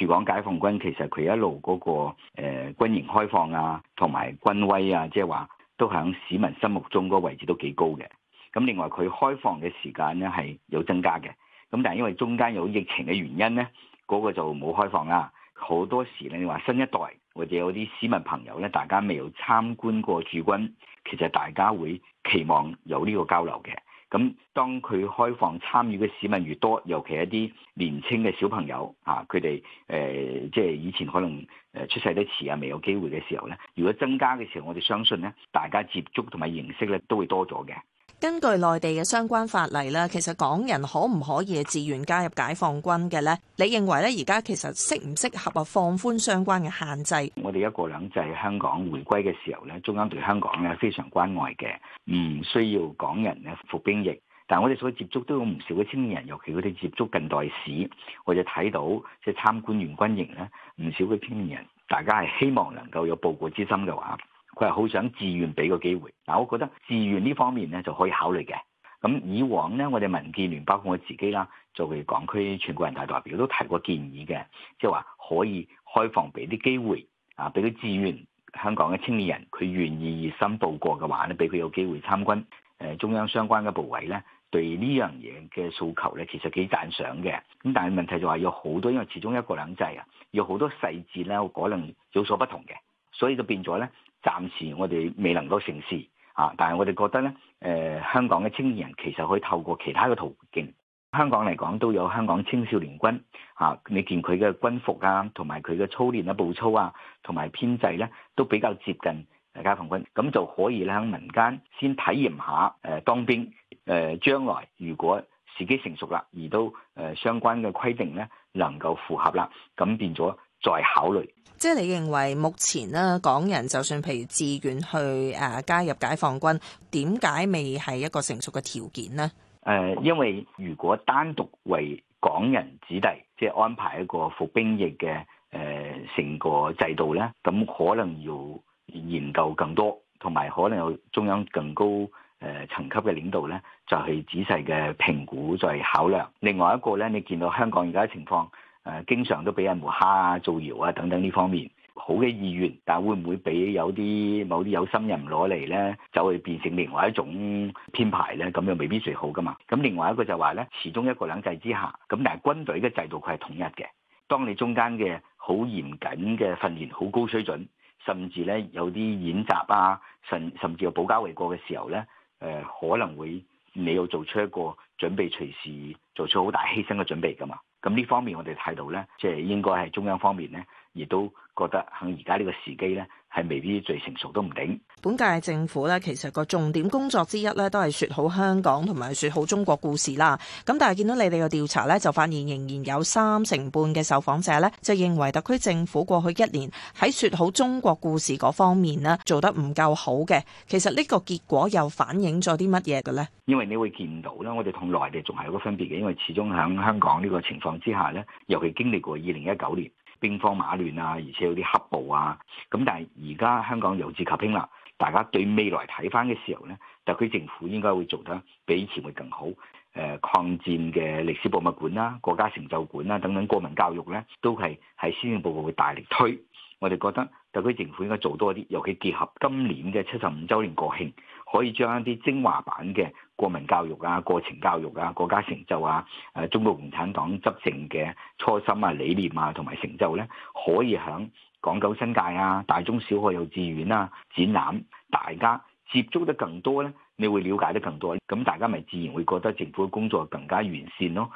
駐港解放軍其實佢一路嗰個誒軍營開放啊，同埋軍威啊，即係話都喺市民心目中嗰個位置都幾高嘅。咁另外佢開放嘅時間呢係有增加嘅。咁但係因為中間有疫情嘅原因呢，嗰、那個就冇開放啦。好多時咧，你話新一代或者有啲市民朋友咧，大家未有參觀過駐軍，其實大家會期望有呢個交流嘅。咁當佢開放參與嘅市民越多，尤其一啲年輕嘅小朋友，啊，佢哋誒即係以前可能誒出世得遲啊，未有機會嘅時候咧，如果增加嘅時候，我哋相信咧，大家接觸同埋認識咧都會多咗嘅。根據內地嘅相關法例咧，其實港人可唔可以自願加入解放軍嘅咧？你認為咧，而家其實適唔適合啊放寬相關嘅限制？我哋一國兩制，香港回歸嘅時候咧，中央對香港咧非常關愛嘅，唔需要港人咧服兵役。但係我哋所接觸都有唔少嘅青年人，尤其佢哋接觸近代史，或者睇到即係參觀完軍營咧，唔少嘅青年人，大家係希望能夠有報國之心嘅話。佢係好想自願俾個機會，嗱，我覺得自願呢方面咧就可以考慮嘅。咁以往咧，我哋民建聯包括我自己啦，作為港區全國人大代表都提過建議嘅，即係話可以開放俾啲機會，啊，俾啲自願香港嘅青年人，佢願意熱心報國嘅話咧，俾佢有機會參軍。誒，中央相關嘅部委咧，對呢樣嘢嘅訴求咧，其實幾讚賞嘅。咁但係問題就係有好多，因為始終一國兩制啊，有好多細節咧，可能有所不同嘅，所以就變咗咧。暫時我哋未能夠成事啊！但係我哋覺得咧，誒、呃、香港嘅青年人其實可以透過其他嘅途徑。香港嚟講都有香港青少年軍啊！你見佢嘅軍服啊，同埋佢嘅操練啊、步操啊，同埋編制咧都比較接近解放軍，咁就可以喺民間先體驗一下誒當兵。誒、呃、將來如果時機成熟啦，而都誒、呃、相關嘅規定咧能夠符合啦，咁變咗。再考慮，即係你認為目前呢港人就算譬如自願去誒、啊、加入解放軍，點解未係一個成熟嘅條件呢？誒、呃，因為如果單獨為港人子弟，即係安排一個服兵役嘅誒成個制度咧，咁可能要研究更多，同埋可能有中央更高誒層級嘅領導咧，就係仔細嘅評估再考量。另外一個咧，你見到香港而家嘅情況。誒經常都俾人抹黑啊、造謠啊等等，呢方面好嘅意願，但會唔會俾有啲某啲有心人攞嚟咧，走去變成另外一種編排咧？咁樣未必最好噶嘛。咁另外一個就話咧，始終一國兩制之下，咁但係軍隊嘅制度佢係統一嘅。當你中間嘅好嚴謹嘅訓練、好高水準，甚至咧有啲演習啊，甚甚至有保家衛國嘅時候咧，誒、呃、可能會你要做出一個準備，隨時做出好大犧牲嘅準備噶嘛。咁呢方面我哋睇到咧，即係應該係中央方面咧，亦都覺得喺而家呢個時機呢，係未必最成熟都唔定。本屆政府呢，其實個重點工作之一呢，都係説好香港同埋説好中國故事啦。咁但係見到你哋嘅調查呢，就發現仍然有三成半嘅受訪者呢，就認為特區政府過去一年喺説好中國故事嗰方面呢，做得唔夠好嘅。其實呢個結果又反映咗啲乜嘢嘅呢？因為你會見到啦，我哋同內地仲係有個分別嘅，因為始終喺香港呢個情況之下呢，尤其經歷過二零一九年。兵荒馬亂啊，而且有啲黑暴啊，咁但係而家香港由治及興啦，大家對未來睇返嘅時候咧，特區政府應該會做得比以前會更好。誒、呃，抗戰嘅歷史博物館啦、啊、國家成就館啦、啊、等等國民教育咧，都係喺宣傳部部會大力推。我哋覺得特區政府應該做多啲，尤其結合今年嘅七十五週年國慶，可以將一啲精華版嘅國民教育啊、過程教育啊、國家成就啊、誒中國共產黨執政嘅初心啊、理念啊同埋成就咧，可以喺港九新界啊、大中小學、幼稚園啊展覽，大家接觸得更多咧，你會了解得更多，咁大家咪自然會覺得政府嘅工作更加完善咯。